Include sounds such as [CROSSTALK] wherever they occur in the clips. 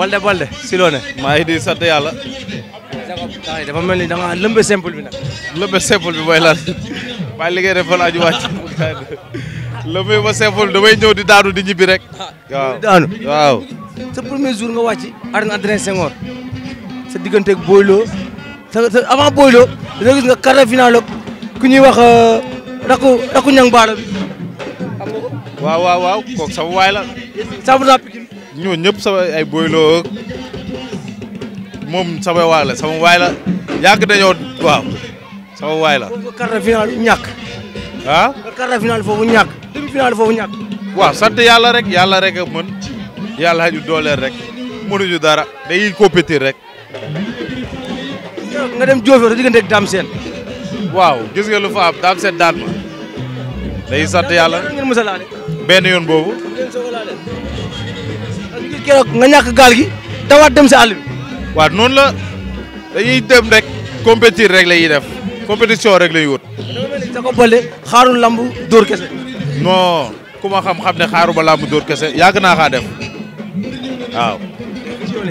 Bolde Bolde si loo ne. maa ngi di sant yàlla. dafa mel ni da nga lëmbe simple bi nag. lëmbe simple bi mooy lan maa liggéey def fa laaju wàcc lëmbe ba simple damay ñëw di daanu di ñibbi rek. Ah, waaw daanu waaw. sa premier jour nga wàcc. arène Adrien sa digganteeg Boylo. sa sa avant Boylo. da nga quart de ku ñuy wax euh, rakku rakku ñang bi. xam waaw waaw waaw kooku sama waay la. saabu naa ñoo ñëpp sama ay boyloo moom sama waay la sama waay la yàgg dañoo waaw sama waay la. foofu quart de finale ñàkk. ah. quart foofu ñàkk. demi finale foofu ñàkk. waaw sant yàlla rek yàlla rek a mën yàlla xaju rek mënuñu dara dañuy compétir rek. nga dem Diofior diggante ak Dame Sène. waaw gis nga lu daan ma. day sant yàlla. benn yoon boobu. keroog nga ñàkk gaal gi dawaat dem si all bi. waaw noonu la dañuy dem rek compétir rek la ñuy def compétition rek la ñuy wut. sa ko bële lamb dóor kese. non ku xam-xam ne xaaru ba lamb dóor kese yàgg naa xaa def waaw.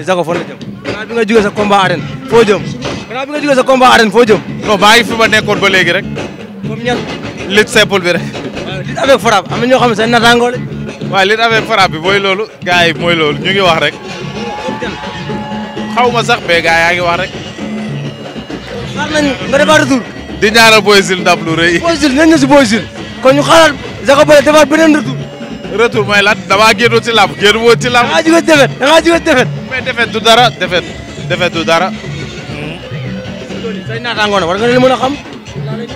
Zago fan la jëm. gannaaw bi nga jógee sa combat arène foo jëm. gannaaw bi nga jógee foo jëm. non maa fi ma nekkoon ba léegi rek. comme ñan. lutte simple bi rek. waaw [LAUGHS] avec frappe am na ñoo xam ne seen nataangoo lañ. waaye li affaire frappe bi mooy loolu gars yi mooy loolu ñu ngi wax rek xaw ma sax mais gars yaa ngi wax rek. xaar nañu nga defaat retour. di ñaanal booy Jules ndam lu rëy. Boy Jules nañu si Boy Jules. kon ñu xaaral Jacob Baldé defaat beneen retour. moy laat lan damaa génnoon ci làmb génn woon ci làmb. da ngaa jógee defet da ngaa jógee defet. defet du dara defet defet du dara. loolu say naataangoo na mën a xam.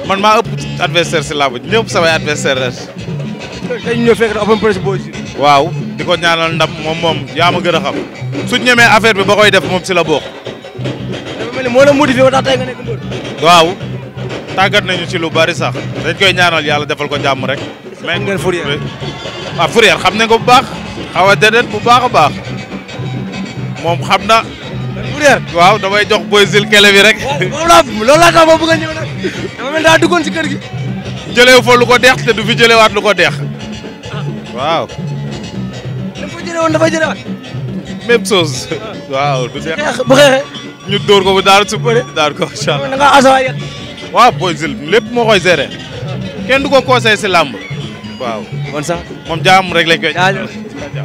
man maa ëpp adversaire ci làmb ñëpp samay adversaire la. tey ñu ñëw fekk waaw di ko ñaanal ndam moom moom yaa ma gën a xam su ñu ñemee affaire bi ba koy def moom si la bokk. moo la motivé ba tax tey nga nekk mbër. waaw tàggat nañu ci lu bari sax dañ koy ñaanal yàlla defal ko jàmm rek. mais ngeen fourrière waaw ah, fourrière xam nañ ko bu baax. xaw a bu baax a baax moom xam na. fourrière waaw damay jox boy zil kele bi rek. waaw oh, moom laa loolu laa tax ma bëgg a ñëw nag. ci kër gi. jëlewu fa lu ko deex te du fi jëlewaat lu ko deex waaw. li mu jëlee woon dafay jëlewaat. même chose. waaw du deex bu xeexee. ñu dóor ko bu daal su bëri daal ko incha allah. da ngaa asaway waaw booy zil lépp moo koy gérer. kenn du ko conseillé si làmb. waaw. kon sax moom jaam rek lañ koy.